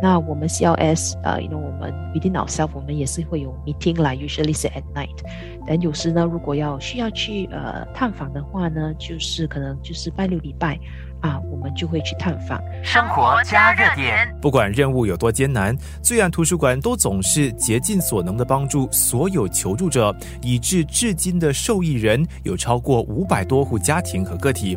那我們 CLS，呃，因為我們 meeting ourselves，我們也是會有 meeting 啦，usually 是 at night。但有時呢，如果要需要去呃探訪的話呢，就是可能就是拜六禮拜，啊、呃，我們就會去探訪。生活加熱點，不管任務有多艱難，罪案圖書館都總是竭盡所能的幫助所有求助者，以至至，至今的受益人有超過五百多戶家庭和個體。